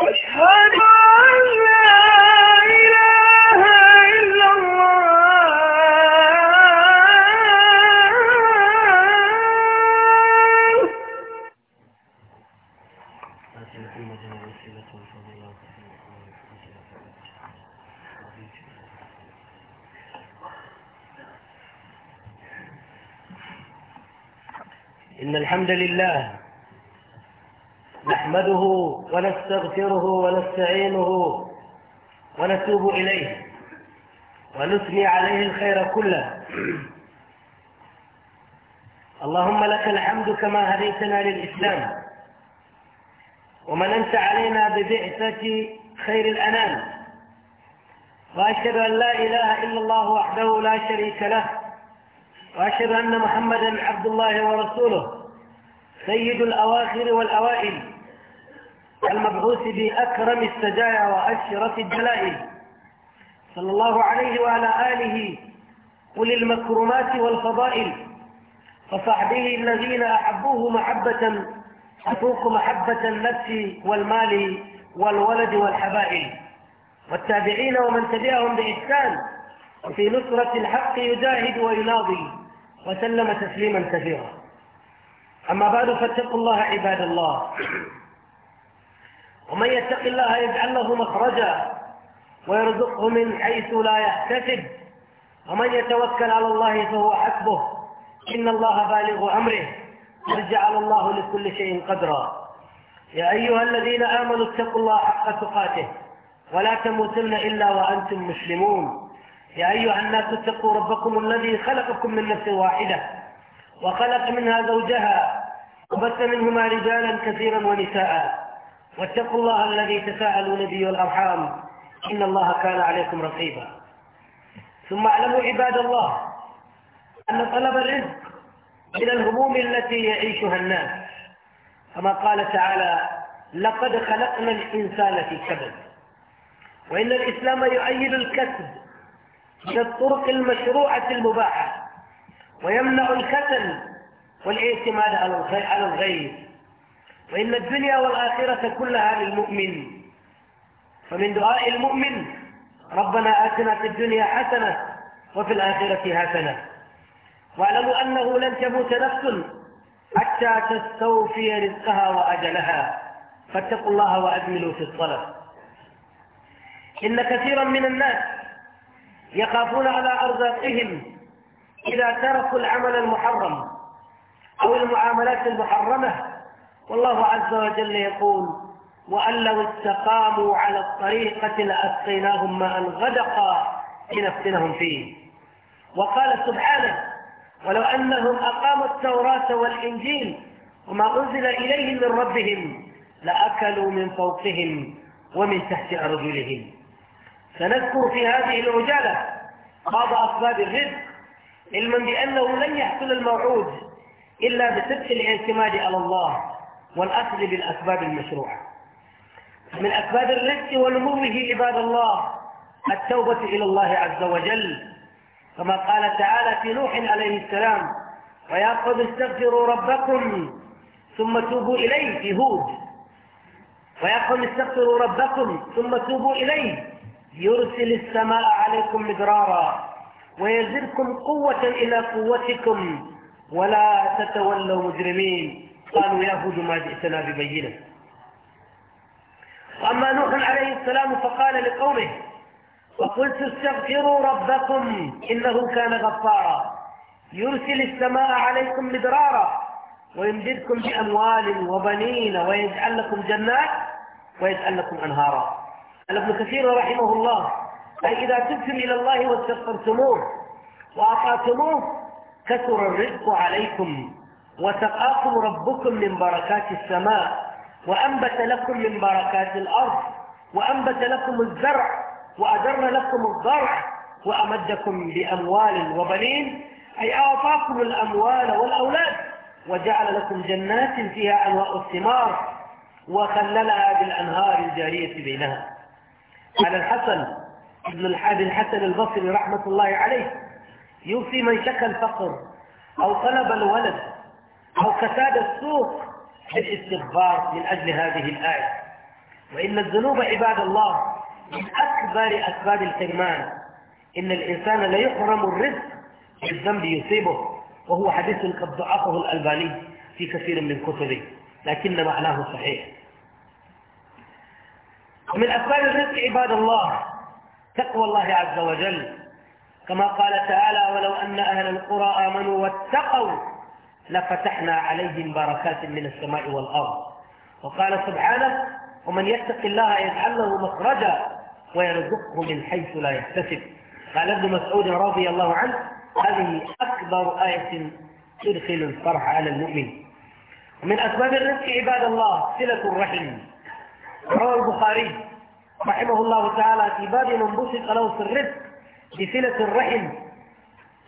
أن لا إله إلا الله إن الحمد لله نحمده ونستغفره ونستعينه ونتوب إليه ونثني عليه الخير كله اللهم لك الحمد كما هديتنا للإسلام ومننت علينا ببعثة خير الأنام وأشهد أن لا إله إلا الله وحده لا شريك له وأشهد أن محمدا عبد الله ورسوله سيد الأواخر والأوائل المبعوث بأكرم السجايا وأشرف الدلائل صلى الله عليه وعلى آله قل المكرمات والفضائل وصحبه الذين أحبوه محبة أفوق محبة النفس والمال والولد والحبائل والتابعين ومن تبعهم بإحسان وفي نصرة الحق يجاهد ويناضي وسلم تسليما كثيرا أما بعد فاتقوا الله عباد الله ومن يتق الله يجعل له مخرجا ويرزقه من حيث لا يحتسب ومن يتوكل على الله فهو حسبه إن الله بالغ أمره قد جعل الله لكل شيء قدرا يا أيها الذين آمنوا اتقوا الله حق تقاته ولا تموتن إلا وأنتم مسلمون يا أيها الناس اتقوا ربكم الذي خلقكم من نفس واحدة وخلق منها زوجها وبث منهما رجالا كثيرا ونساء واتقوا الله الذي تساءلون به والأرحام إن الله كان عليكم رقيبا ثم اعلموا عباد الله أن طلب الرزق من الهموم التي يعيشها الناس كما قال تعالى لقد خلقنا الإنسان في كبد وإن الإسلام يؤيد الكسب من الطرق المشروعة المباحة ويمنع الكسل والاعتماد على الغير وإن الدنيا والآخرة كلها للمؤمن فمن دعاء المؤمن ربنا آتنا في الدنيا حسنة وفي الآخرة حسنة واعلموا أنه لن تموت نفس حتى تستوفي رزقها وأجلها فاتقوا الله وأجملوا في الصلاة إن كثيرا من الناس يخافون على أرزاقهم إذا تركوا العمل المحرم أو المعاملات المحرمة والله عز وجل يقول وأن لو استقاموا على الطريقة لأسقيناهم ماء غدقا لنفتنهم فيه وقال سبحانه ولو أنهم أقاموا التوراة والإنجيل وما أنزل إليهم من ربهم لأكلوا من فوقهم ومن تحت أرجلهم سنذكر في هذه العجالة بعض أسباب الرزق علما بأنه لن يحصل الموعود إلا بصدق الاعتماد على الله والأخذ بالأسباب المشروعة من أسباب الرزق والمره عباد الله التوبة إلى الله عز وجل كما قال تعالى في نوح عليه السلام ويا قد استغفروا ربكم ثم توبوا إليه في هود ويا قد استغفروا ربكم ثم توبوا إليه يرسل السماء عليكم مدرارا ويزركم قوة إلى قوتكم ولا تتولوا مجرمين قالوا يا هود ما جئتنا ببينة وأما نوح عليه السلام فقال لقومه وقلت استغفروا ربكم إنه كان غفارا يرسل السماء عليكم مدرارا ويمددكم بأموال وبنين ويجعل لكم جنات ويجعل لكم أنهارا قال ابن كثير رحمه الله أي إذا تبتم إلى الله واستغفرتموه وأطعتموه كثر الرزق عليكم وسقاكم ربكم من بركات السماء وأنبت لكم من بركات الأرض وأنبت لكم الزرع وأدر لكم الزرع وأمدكم بأموال وبنين أي أعطاكم الأموال والأولاد وجعل لكم جنات فيها أنواع الثمار وخللها بالأنهار الجارية بينها على الحسن ابن الحاد الحسن البصري رحمة الله عليه يوصي من شكى الفقر أو طلب الولد أو كساد السوق بالاستغفار من أجل هذه الآية وإن الذنوب عباد الله من أكبر أسباب الحرمان إن الإنسان ليحرم الرزق بالذنب يصيبه وهو حديث قد ضعفه الألباني في كثير من كتبه لكن معناه صحيح ومن أسباب الرزق عباد الله تقوى الله عز وجل كما قال تعالى ولو أن أهل القرى آمنوا واتقوا لفتحنا عليهم بركات من السماء والأرض وقال سبحانه ومن يتق الله يجعل له مخرجا ويرزقه من حيث لا يحتسب قال ابن مسعود رضي الله عنه هذه أكبر آية تدخل الفرح على المؤمن ومن أسباب الرزق عباد الله صلة الرحم روى البخاري رحمه الله تعالى في باب من بسط له في الرزق بصلة الرحم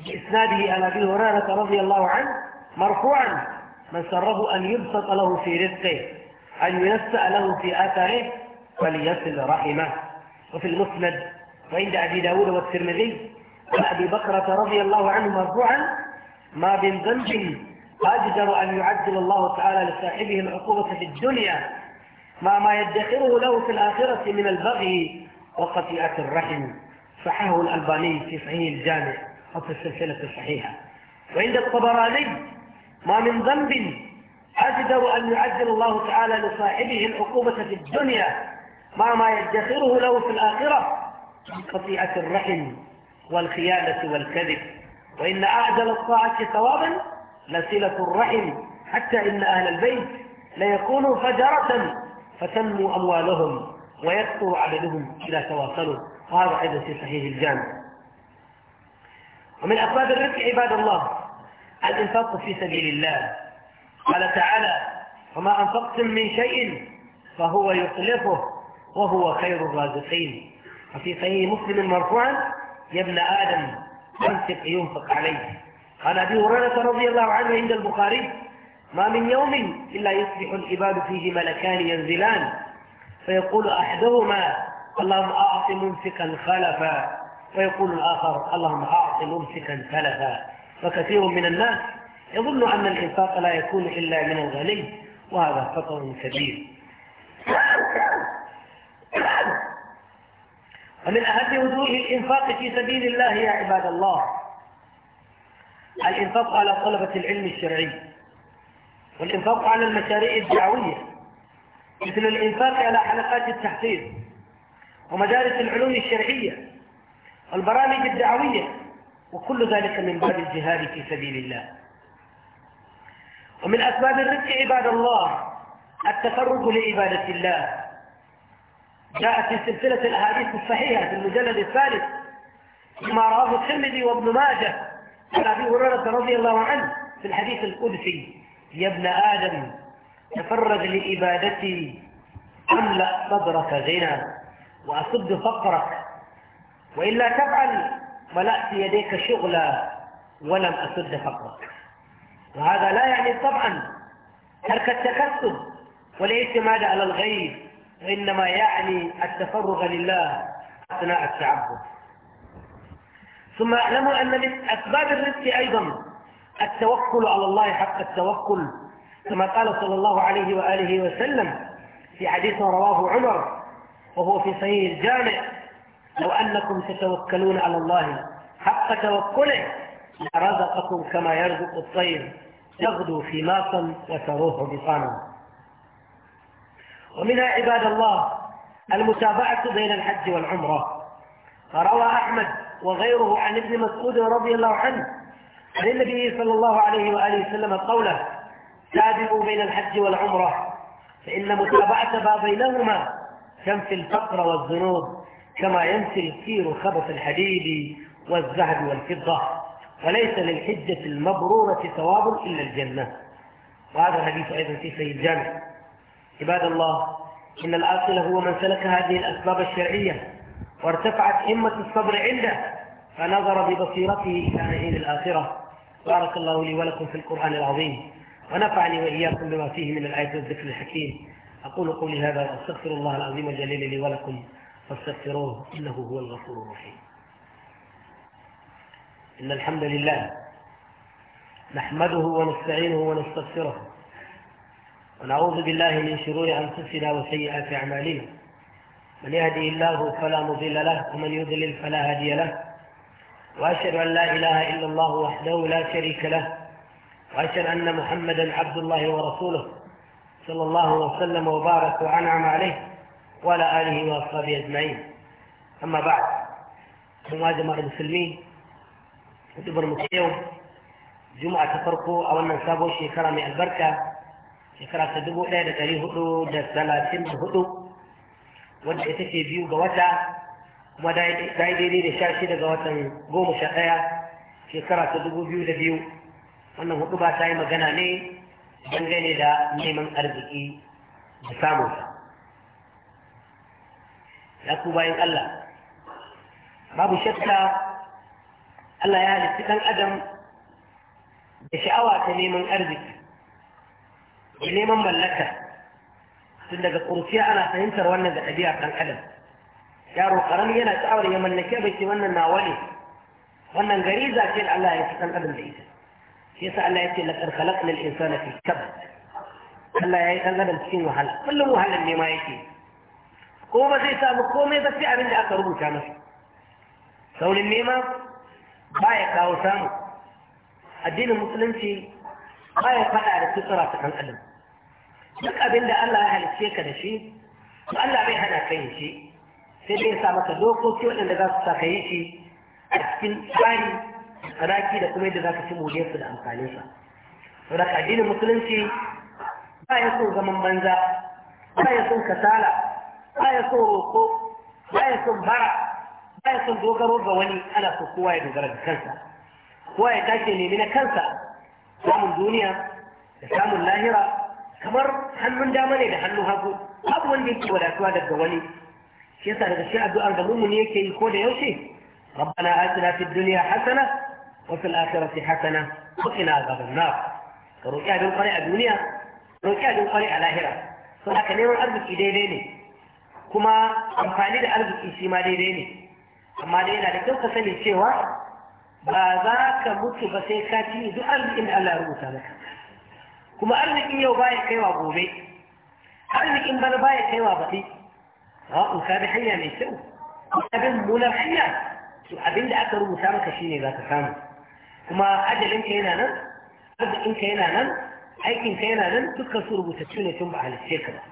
بإسناده على أبي هريرة رضي الله عنه مرفوعا من سره أن يبسط له في رزقه أن ينسأ له في آثاره فليصل رحمه وفي المسند وعند أبي داود والترمذي عن أبي بكرة رضي الله عنه مرفوعا ما من ذنب أجدر أن يعدل الله تعالى لصاحبه العقوبة في الدنيا ما ما يدخره له في الآخرة من البغي وقطيعة الرحم صححه الألباني في صحيح الجامع وفي السلسلة الصحيحة وعند الطبراني ما من ذنب أجدر أن يعجل الله تعالى لصاحبه العقوبة في الدنيا ما ما يدخره له في الآخرة من قطيعة الرحم والخيانة والكذب وإن أعجل الطاعة ثوابا لسلة الرحم حتى إن أهل البيت ليكونوا فجرة فتنمو أموالهم ويكثر عددهم إذا تواصلوا وهذا أيضا في صحيح الجامع ومن أسباب الرزق عباد الله الإنفاق في سبيل الله قال تعالى وما أنفقتم من شيء فهو يخلفه وهو خير الرازقين وفي صحيح مسلم مرفوعا يا ابن آدم أنفق ينفق عليه قال أبي هريرة رضي الله عنه عند البخاري ما من يوم إلا يصبح العباد فيه ملكان ينزلان فيقول أحدهما اللهم أعط ممسكا خلفا ويقول الآخر اللهم أعط ممسكا خلفا فكثير من الناس يظن أن الإنفاق لا يكون إلا من الغني وهذا خطر كبير ومن أهم وجوه الإنفاق في سبيل الله يا عباد الله الإنفاق على طلبة العلم الشرعي والإنفاق على المشاريع الدعوية مثل الإنفاق على حلقات التحصيل ومدارس العلوم الشرعية والبرامج الدعوية وكل ذلك من باب الجهاد في سبيل الله ومن أسباب الرزق عباد الله التفرغ لعبادة الله جاءت في سلسلة الأحاديث الصحيحة في المجلد الثالث كما رواه الترمذي وابن ماجه عن أبي هريرة رضي الله عنه في الحديث القدسي يا ابن آدم تفرج لعبادتي أملأ صدرك غنى وأسد فقرك وإلا تفعل ملأت يديك شغلا ولم أسد فقرك وهذا لا يعني طبعا ترك التكسب والاعتماد على الغيب وإنما يعني التفرغ لله أثناء التعبد ثم اعلموا أن من أسباب الرزق أيضا التوكل على الله حق التوكل كما قال صلى الله عليه وآله وسلم في حديث رواه عمر وهو في صحيح الجامع لو أنكم تتوكلون على الله حق توكله لرزقكم كما يرزق الطير تغدو في ماصا وتروح بطانا ومنها عباد الله المتابعة بين الحج والعمرة فروى أحمد وغيره عن ابن مسعود رضي الله عنه عن النبي صلى الله عليه وآله وسلم قوله تابعوا بين الحج والعمرة فإن متابعة ما بينهما تنفي الفقر والذنوب كما ينسي الكير خبث الحديد والذهب والفضة وليس للحجة المبرورة ثواب إلا الجنة وهذا الحديث أيضا في سيد الجامع عباد الله إن الآصل هو من سلك هذه الأسباب الشرعية وارتفعت همة الصبر عنده فنظر ببصيرته إلى نهيل الآخرة بارك الله لي ولكم في القرآن العظيم ونفعني وإياكم بما فيه من الآيات والذكر الحكيم أقول قولي هذا وأستغفر الله العظيم الجليل لي ولكم فاستغفروه إنه هو الغفور الرحيم إن الحمد لله نحمده ونستعينه ونستغفره ونعوذ بالله من شرور أنفسنا وسيئات أعمالنا من يهدي الله فلا مضل له ومن يضلل فلا هادي له وأشهد أن لا إله إلا الله وحده لا شريك له وأشهد أن محمدا عبد الله ورسوله صلى الله وسلم وبارك وأنعم عليه وعلى آله وأصحابه أجمعين أما بعد كما جماعة المسلمين kutubar mu yau juma'a ta farko a wannan sabuwar shekara mai albarka shekara ta dubu ɗaya da ɗari hudu da talatin da hudu wadda ita ce biyu ga wata kuma daidai da sha shida ga watan goma sha ɗaya shekara ta dubu biyu da biyu wannan hudu ba ta yi magana ne dangane da neman arziki da samunsa ya ku bayan Allah babu shakka Allah ya halitta ɗan adam da sha'awa ta neman arziki da neman mallaka tun daga ƙurciya ana fahimtar wannan da ɗabi'ar ɗan adam yaro ƙarami yana sha'awar ya mallake baki wannan nawa ne wannan gari za ce da Allah ya fi ɗan adam da ita shi yasa Allah ya ce laqad khalaqna al-insana fi kabad Allah ya yi ɗan adam cikin wahala kullum wahalar nema yake ko ba zai samu komai ba sai abin da aka rubuta masa saurin nema ba ya kawo samu addinin musulunci ba ya faɗa da sutura ta kan duk abin da Allah ya halicce ka da shi to Allah bai hana ka yin shi sai dai sa maka dokoki waɗanda za su sa ka yi shi a cikin tsari tsaraki da kuma yadda za ka ci moriyarsu da amfaninsa saboda addinin musulunci ba ya son zaman banza ba ya son kasala ba ya so roƙo ba ya son bara ba ya son dogaro ga wani ana so kowa ya dogara ga kansa kowa ya tashi nemi na kansa samun duniya da samun lahira kamar hannun dama ne da hannun hagu babu wanda yake wadatuwa daga wani shi yasa daga cikin addu'ar da mummuni yake yi ko da yaushe ربنا آتنا في الدنيا حسنة وفي الآخرة حسنة وقنا عذاب النار كروكي أبن قرية الدنيا كروكي أبن قرية الآخرة فهذا كلمة أرضك إيدي ديني kuma amfani da arziki shi ma daidai ne amma dai yana da kyau ka sani cewa ba za ka mutu ba sai ka ci duk arzikin da Allah ya rubuta maka kuma arzikin yau baya kaiwa gobe arzikin bana baya kaiwa baɗi ba in ka bi hanya mai kyau ka bi mummunar hanya to abin da aka rubuta maka shine za ka samu kuma ajalinka yana nan arzikinka yana nan aikinka yana nan dukkan su rubutattu ne tun ba halitce ka ba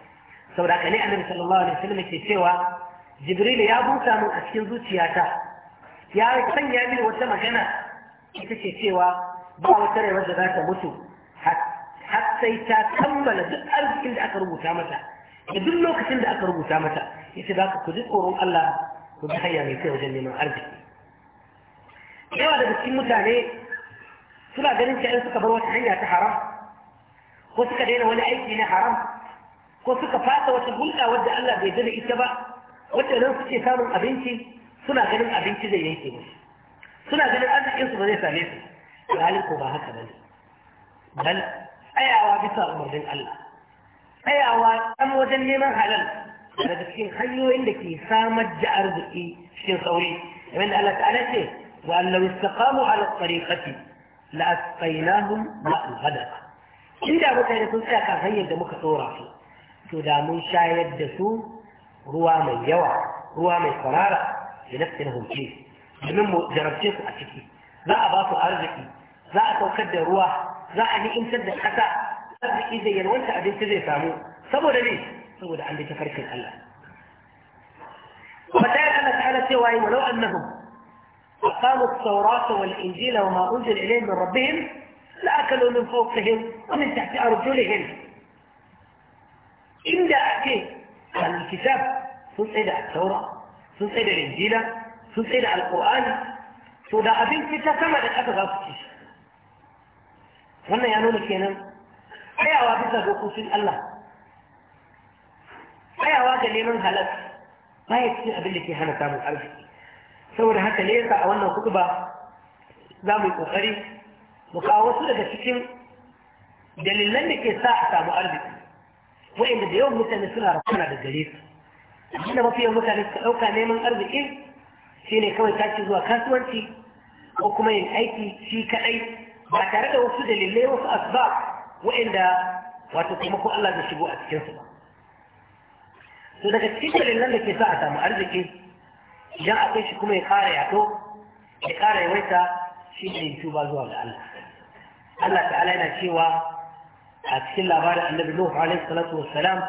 saboda haka ne annabi sallallahu alaihi wasallam yake cewa jibril ya buta mun a cikin zuciyata ya sanya mini wata magana ita ce cewa ba wata rai da za ta mutu har sai ta kammala duk arzikin da aka rubuta mata da duk lokacin da aka rubuta mata yace za ka ku ji tsoron Allah ku bi hanya mai kyau wajen neman arziki yawa daga cikin mutane suna ganin cewa suka bar wata hanya ta haram ko suka daina wani aiki na haram ko suka fasa wata hulɗa wadda Allah bai da ita ba wadda nan suke samun abinci suna ganin abinci zai yanke musu suna ganin arzikin su ba zai same su halin ko ba haka bane bal tsayawa bisa umarnin Allah tsayawa ɗan wajen neman halal daga cikin hanyoyin da ke samar da arziki cikin sauri kamar da Allah ta'ala ce wa allahu istaqamu ala tariqati la asqaynahum ma'an hadaqa inda mutane sun tsaya kan hanyar da muka tsora su تدا من شاي الدسو روا من يوا روا من قرارة لنفس لهم شيء لمن جربتك أشكي ذا أباط أرزكي ذا أتوكد روا ذا أني إمسد الحساء أرزكي زي ينوانت أبين تزي سامو سبو لذي سبو لعندي تفرق الألا فتايا أنا تعالى سواي ولو أنهم أقاموا الثوراة والإنجيل وما أنزل إليه من ربهم لأكلوا من فوقهم ومن تحت أرجلهم إلا أعطيه على الكتاب سنسل على التوراة سنسل على الإنجيلة سنسل على القرآن سنسل على أبين كتاب كما لن أبغى في الكتاب وانا يعنون كينا أي أوابط له قوسين الله أي أوابط لي من هلس ما يكسي أبلك هنا تابو حلس سورة هكا ليسا أولنا كتبة دام الكخري وقاوة سورة كتكين دليل لنك ساعة تابو حلس wa'inda da yawan mutane suna rafana da gare su da mafi yawan mutane suka ɗauka neman arzikin ne kawai tashi zuwa kasuwanci ko kuma yin aiki shi kaɗai ba tare da wasu dalilai wasu asuba, wa'inda wato kuma ko Allah zai shigo a cikin su ba to daga cikin dalilan da ke sa a samu arziki idan akwai shi kuma ya ƙara yato, ya ƙara yawaita shi ne tuba zuwa ga Allah Allah ta'ala yana cewa أكسل لأبار النبي نوح عليه الصلاة والسلام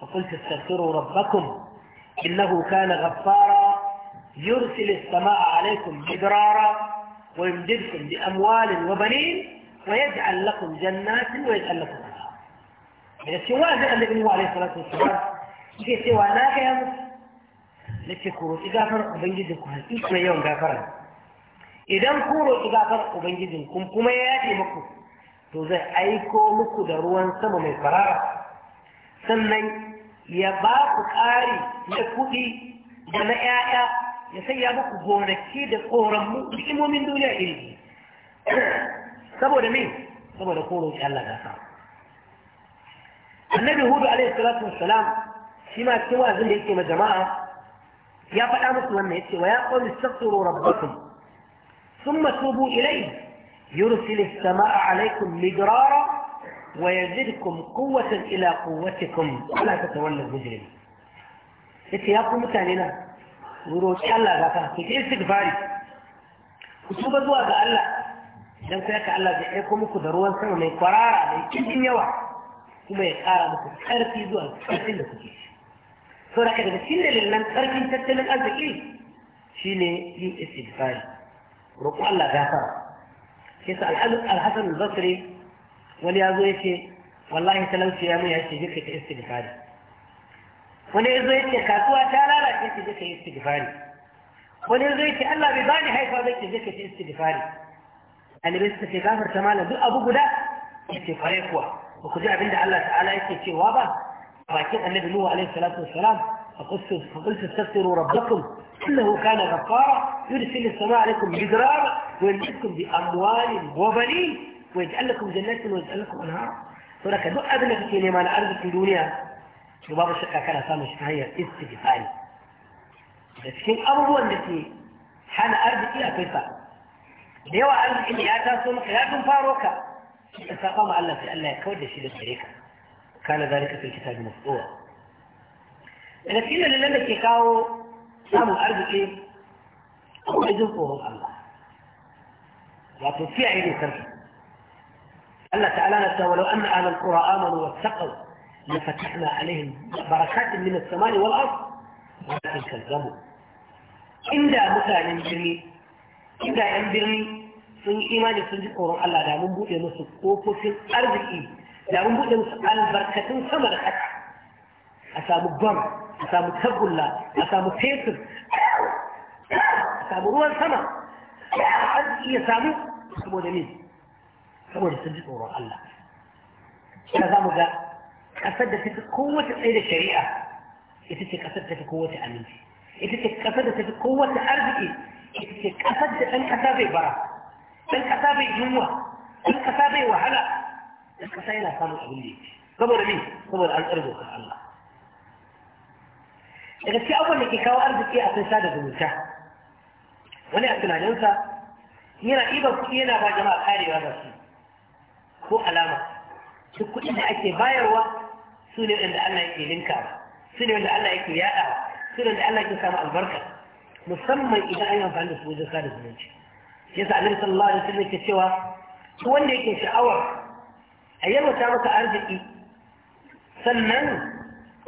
فقلت استغفروا ربكم إنه كان غفارا يرسل السماء عليكم مدرارا ويمددكم بأموال وبنين ويجعل لكم جنات ويجعل لكم أنهار. من سواء ذا النبي نوح عليه الصلاة والسلام yake cewa ناك يا مصر لكي كورو إغافر أبنجدكم هل إيش ما يوم mai إذا كورو إغافر أبنجدكم roƙi يأتي ubangijin to zai aiko muku da ruwan sama mai farara sannan ya ba ku ƙari na kuɗi da na ‘ya'ya ya sanya muku gonaki da tsoron hikimomin duniya iri saboda me saboda koron Allah na sa annabi hudu alaihi salatu wassalam shi ma cikin wa'azin da yake ma jama'a ya faɗa musu wannan yace wa ya qawmi astaghfiru rabbakum thumma tubu ilayhi يرسل السماء عليكم مدرارا ويزدكم قوة إلى قوتكم ولا تتولوا المجرمين yace ya ku mutane na roƙi Allah gafara ku yi istighfari ku tuba zuwa ga Allah dan ku yaka Allah zai aiko muku da ruwan sama mai kwarara mai cikin yawa kuma ya ƙara muku ƙarfi zuwa ƙarfin so tattalin arziki shine yin istighfari roƙo Allah gafara shi sa alhassan al-basri wani ya zo ya ce wallahi talauci ya mun ya ce jika ta istighfari wani ya zo ya ce kasuwa ta lalace ce jika istighfari wani ya zo ya ce Allah bai bani haifa bai ce jika ta istighfari alibai suka ce gafarta malam duk abu guda ya ce kwarai kuwa ba ku ji abinda Allah ta'ala yake cewa ba a bakin annabi Nuhu alaihi salatu wassalam فقلت استذكروا ربكم إنه كان غفارا يرسل السماء عليكم بجرار ويرسلكم بأموال وبنين ويجعل لكم جنات ويجعل لكم أنهار ولكن دو أبنى في كلمة على أرض في الدنيا شباب الشقة كان سامة شفاية استجفال لكن أول التي حان أرض في أفيفا ديوة أرض إن يأتى سمك فاروكا تنفاروك فقام الله في الله يكود الشيء كان ذلك في الكتاب مفتوح daga cikin dalilan da ke kawo samun arziki akwai jin tsoron Allah wato fiye ne karfi Allah ta'ala na ta walau anna ahlul qura amanu wattaqu la fatahna alaihim barakatin min as-samai wal ard walakin kazzabu inda mutanen birni inda yan birni sun yi imani sun ji tsoron Allah da mun buɗe musu kofofin arziki da mun buɗe musu albarkatun sama da ƙasa a samu gwamnati أسامو تهب الله أسامو تهيسر أسامو روح السماء أسامو أسامو دمين أسامو إذا قصد في قوة أمين إذا إذا قصد أن أن أسابي جوا أن أسابي وحلا أن أسابي لا الله daga cikin abubuwan da ke kawo arziki a sun sada zumunta wani a tunaninsa yana iba kuɗi yana ba jama'a karewa ga su ko alama duk kuɗi da ake bayarwa su ne wanda Allah yake linka su ne wanda Allah yake yaɗa su ne wanda Allah yake samu albarka musamman idan an yi amfani da su wajen sada zumunci yasa annabi sallallahu alaihi wasallam cewa wanda yake sha'awar a yarwata masa arziki sannan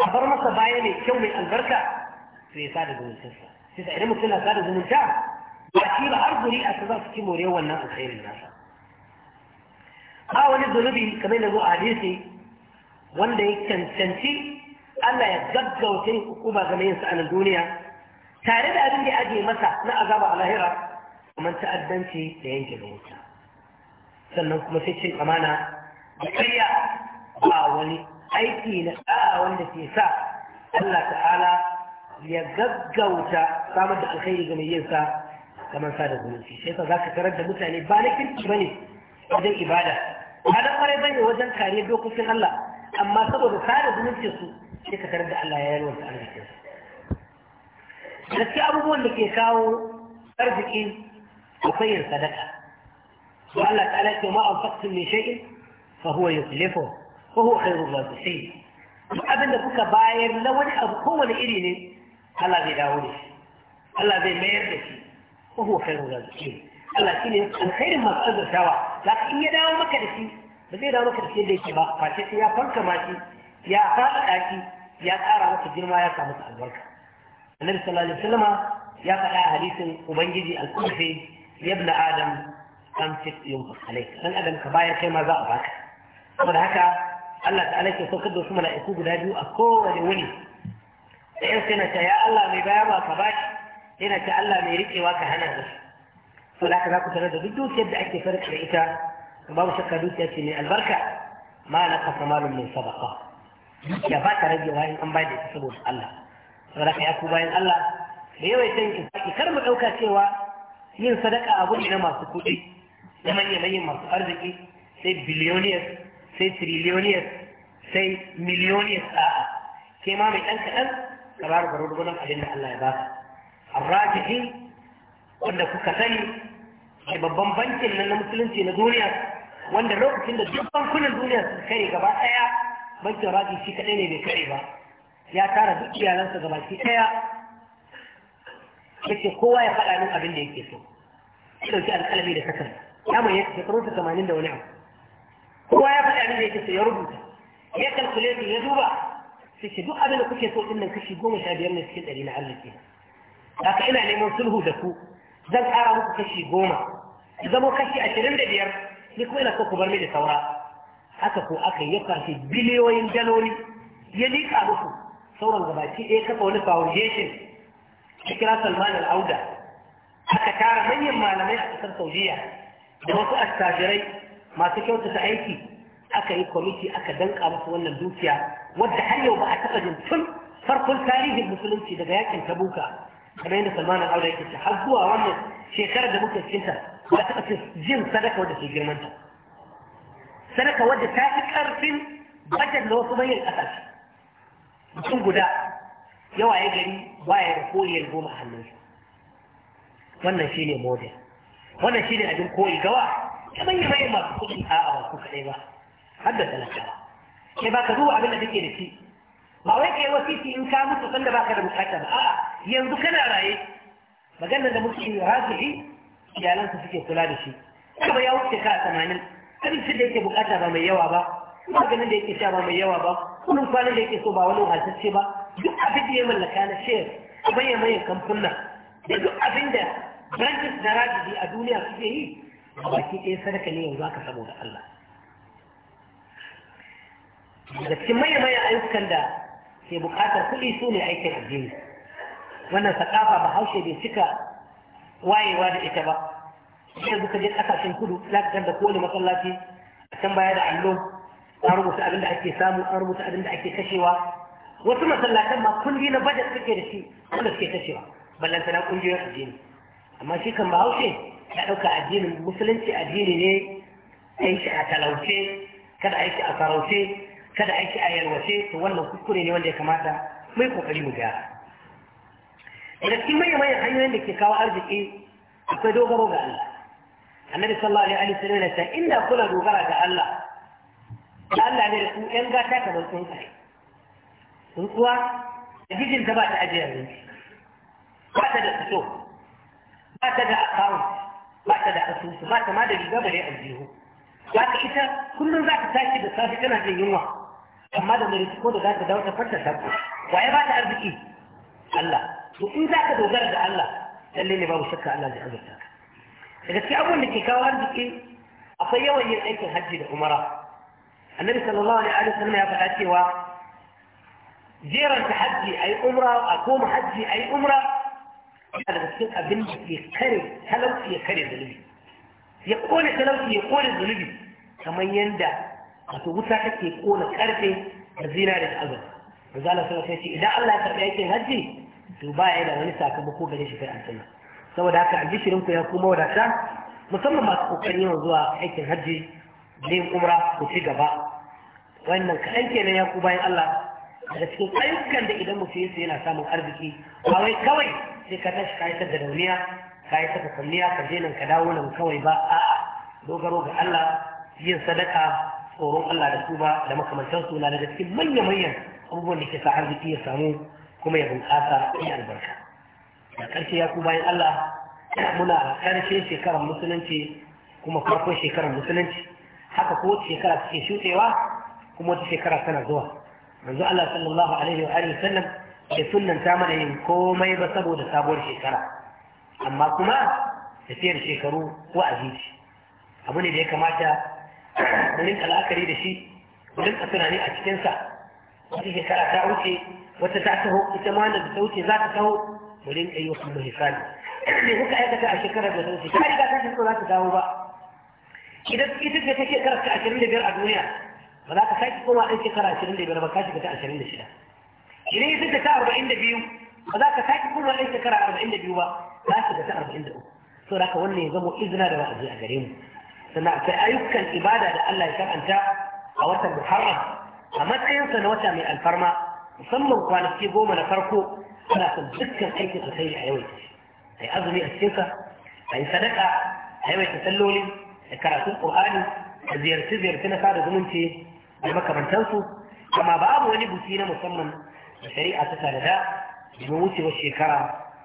a bar masa baya mai kyau mai albarka to ya sada zumuncinsa sai da idan mutum na sada zumunta ba shi ba har guri a za su ci more wannan alkhairin nasa ba wani zunubi kamar da zo a hadisi wanda ya cancanci Allah ya gaggauta yin hukuma game yin sa a duniya tare da abin da ya ajiye masa na azaba a lahira kamar ta'addanci da yanke zumunta sannan kuma sai cin amana da karya ba wani aiki na ɗa'a wanda ke sa Allah ta'ala ya gaggauta samar da alkhairi ga mai yinsa kamar sa da zumunci sai ka zaka tarar da mutane ba na kirki bane wajen ibada ba na kwarai bane wajen kare dokokin Allah amma saboda sada zumuncin su sai ka tarar da Allah ya yalwata arzikin su gaskiya abubuwan da ke kawo arziki akwai yin sadaka to Allah ta'ala ce ma an faktin min fa huwa Ko ho huwa khairur raziqin abin da kuka bayar na wani abu kowane iri ne Allah zai dawo da shi Allah zai mayar da shi wa huwa khairur raziqin Allah shine alkhairin masu azurtawa zaka in ya dawo maka da shi ba zai dawo maka da shi da yake ba face sai ya farka ma shi ya faɗaɗa shi ya ƙara masa girma ya samu albarka annabi sallallahu alaihi wasallam ya faɗa a hadisin ubangiji al-kursi yabna adam amsik yunfaq alayk dan adam ka bayar kai ma za a baka saboda haka Allah ta'ala ke saukar da su mala'iku guda biyu a kowane wuni da yan sai ta ya Allah mai baya ba ka ba shi sai na ta Allah mai riƙewa ka hana da shi sau da za ku tarar da duk dukiyar da ake farka da ita babu shakka dukiya ce mai albarka ma na kafa malum mai sadaka ya ba ta rage wayan an bayar da ita saboda Allah saboda haka ya ku bayan Allah da yawaita yin isaƙi kar mu ɗauka cewa yin sadaka abu ne na masu kuɗi na manya-manyan masu arziki sai biliyoniyar sai triliyoniyas sai miliyoniyas a'a ke ma mai ɗan kaɗan ka ba da gwargwadon abin da Allah ya ba ka arrajihi wanda kuka sani mai babban bankin nan na musulunci na duniya wanda lokacin da duk bankunan duniya sun kare gaba ɗaya bankin raji shi kaɗai ne bai kare ba ya tara duk iyalansa gaba shi ɗaya yake kowa ya faɗa min abin da yake so ya ɗauki alƙalami da sakar ya mai shekarunsa tamanin da wani abu kowa ya faɗa abin da yake so ya rubuta ya kalkuleti ya duba sai ce duk abin da kuke so ɗin nan kashi goma sha biyar ne cikin ɗari na Allah ke haka ina neman sulhu da ku zan ƙara muku kashi goma zamo kashi ashirin da biyar ni kuma ina so ku bar ni da saura haka ko aka yi ya kwashe biliyoyin daloli ya liƙa musu sauran gabaci ɗaya kafa wani foundation ta kira salman al'auda aka tara manyan malamai a ƙasar saudiya da wasu attajirai masu kyautata aiki aka yi kwamiti aka danka musu wannan dukiya wadda har yau ba a taɓa jin tun farkon tarihin musulunci daga yakin tabuka kamar yadda salman al'aura yake ce har zuwa wannan shekarar da muka cikinta ba a taɓa jin sadaka wadda ke ta. sadaka wadda ta fi ƙarfin bajar da wasu manyan ƙasashe mutum guda yawa ya gari baya da koyar goma hannunsa wannan shine model wannan shine abin koyi gawa يبين بين ما كل الآء أو كل كلمة حدث لك كيف كذو عمل لك كده ما وين أي وسيلة إن كان متصل بقى كده مكتب آه يندو كنا رأي ما قلنا ده ممكن راجعي يا لن تفكر كل شيء كما يا وقت كذا تماما abin da yake bukata ba mai yawa ba maganin da yake sha ba mai yawa ba kullum kwanan da yake so ba wani wahalsacce ba duk abin da ya mallaka na shayar a bayyana manyan kamfuna da duk abin da branches na rajiji a duniya suke yi a baki ɗaya sadaka ne yanzu aka saboda Allah da cikin manya manya ayyukan da ke buƙatar kuɗi su ne aikin addini wannan saƙafa ba haushe bai cika wayewa da ita ba yanzu ka je ƙasashen kudu za ka da kowane masallaci a can baya da allo an rubuta abin da ake samu an rubuta abin da ake kashewa wasu masallatan ma kundi na bajet suke da shi wanda suke kashewa ballantana kungiyoyin addini amma shi kan bahaushe كأنك أدين المسلم تأدين لي أيش أتلوتي كذا أيش أتروتي كذا أيش أيلوتي تولو كوكوليني ولي كماتا ما يكون قليم جاء لكن ما يمي حيو أنك كاو أرجك إيه فدوغ روغ الله النبي صلى الله عليه وسلم يقول إلا كل روغ روغ الله الله عليه الرسول إن قاتا كما تنقل تنقوى أجيز انتبات أجيز بعد الأسوء بعد الأقاوم ba ta da asusu ba ta ma da riga bare aljihu za ka ita kullum za ka tashi da safe tana jin yunwa amma da mai ko da za ka dawo ta farta sako waye ba ta arziki Allah to in za ka dogara da Allah lalle ne babu shakka Allah zai azurta ka daga cikin abubuwan da ke kawo arziki akwai yawan yin aikin hajji da umara annabi sallallahu alaihi wa sallam ya faɗa cewa jeran ta hajji ayi umra a koma hajji ayi umra yana daga cikin abin da ke kare talauci ya kare zunubi ya kone talauci ya kone zunubi kamar yadda wato wuta take kone karfe da zinari da azurfa manzo Allah sallallahu idan Allah ya karɓi aikin hajji to ba ya da wani sakamako gare shi kai aljanna saboda haka albishirin ku ya kuma wadata musamman masu kokarin yawan zuwa aikin hajji da yin umra ku ci gaba wannan kaɗan kenan ya ku bayan Allah daga cikin ayyukan da idan mutum yi yana samun arziki ba wai kawai sai ka tashi kayi da dauniya kayi saka kulliya ka je nan ka dawo nan kawai ba a'a dogaro ga Allah yin sadaka tsoron Allah da tuba da makamantan su na daga cikin manya-manyan abubuwan da ke sa arziki ya samu kuma ya bunƙasa ya albarka da ƙarshe ya ku bayan Allah muna a ƙarshen shekarar musulunci kuma farkon shekarar musulunci haka ko shekara ke shutewa kuma wata shekara tana zuwa manzo Allah sallallahu alaihi wa alihi sallam ya ta mana yin komai ba saboda sabuwar shekara amma kuma tafiyar shekaru wa'azi ce abu ne da ya kamata mu rinka la'akari da shi mu rinka tunani a cikinsa wata shekara ta wuce wata ta taho ita ma da ta wuce za ta taho mu rinka yi wa kuma hisabi me kuka aikata a shekarar da ta wuce ka riga ka shekaru za ta dawo ba idan ita ce ta shekarar ta ashirin da biyar a duniya ba za ka sake koma ɗan shekara ashirin da biyar ba ka shiga ta ashirin da shida idan ya shiga ta arba'in da biyu ba za ka sake koma ɗan shekara arba'in da biyu ba ka shiga ta arba'in da uku sau da ka wannan ya zama izina da wa'azi a gare mu sannan akwai ayyukan ibada da Allah ya karanta a watan Muharram a matsayinsa na wata mai alfarma musamman kwanaki goma na farko ana son dukkan aikin alkhairi a yawaita a yi azumi a cikinsa a yi sadaka a yawaita salloli da karatun ƙur'ani a ziyarci ziyarci na sada zumunci da makamantansu amma babu wani buki na musamman da shari'a ta tanada domin wucewar shekara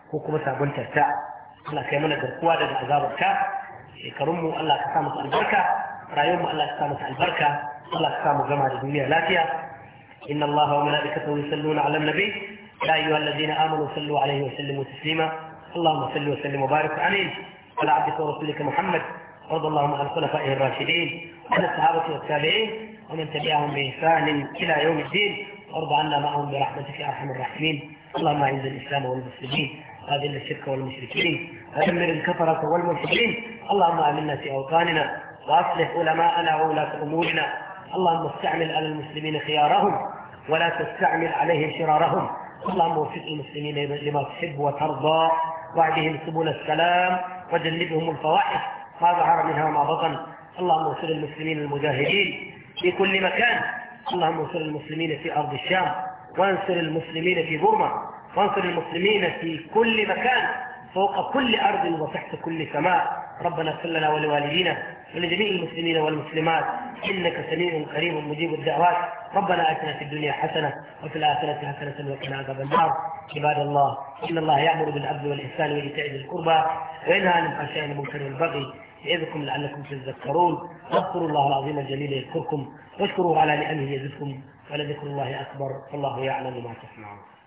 ko kuma sabuntar ta Allah kai mana garkuwa daga azabar ta shekarunmu Allah ka sa musu albarka rayuwarmu Allah ka sa musu albarka Allah ka sa mu gama da duniya lafiya inna Allah wa mala'ikatahu yusalluna 'alan nabi ya ayyuhal ladzina amanu sallu 'alaihi wa sallimu taslima اللهم صل وسلم وبارك عليه وعلى عبدك ورسولك محمد وارض اللهم عن خلفائه الراشدين وعن الصحابه والتابعين ومن تبعهم بإحسان إلى يوم الدين وارض عنا معهم برحمتك يا أرحم الراحمين اللهم أعز الإسلام والمسلمين وأذل الشرك والمشركين ودمر الكفرة والملحدين اللهم آمنا في أوطاننا وأصلح علماءنا وولاة أمورنا اللهم استعمل على المسلمين خيارهم ولا تستعمل عليهم شرارهم اللهم وفق المسلمين لما تحب وترضى واعدهم سبل السلام وجنبهم الفواحش ما ظهر منها وما بطن اللهم وفق المسلمين المجاهدين في كل مكان اللهم انصر المسلمين في أرض الشام وانصر المسلمين في بورما وانصر المسلمين في كل مكان فوق كل أرض وتحت كل سماء ربنا اغفر لنا ولوالدينا ولجميع المسلمين والمسلمات إنك سميع قريب مجيب الدعوات ربنا آتنا في الدنيا حسنة وفي الآخرة حسنة وقنا عذاب النار عباد الله إن الله يأمر بالعدل والإحسان وإيتاء ذي القربى وينهى عن الفحشاء والمنكر والبغي يعظكم لعلكم تذكرون واذكروا الله العظيم الجليل يذكركم واشكروه على نعمه يزدكم ولذكر الله أكبر فالله يعلم ما تصنعون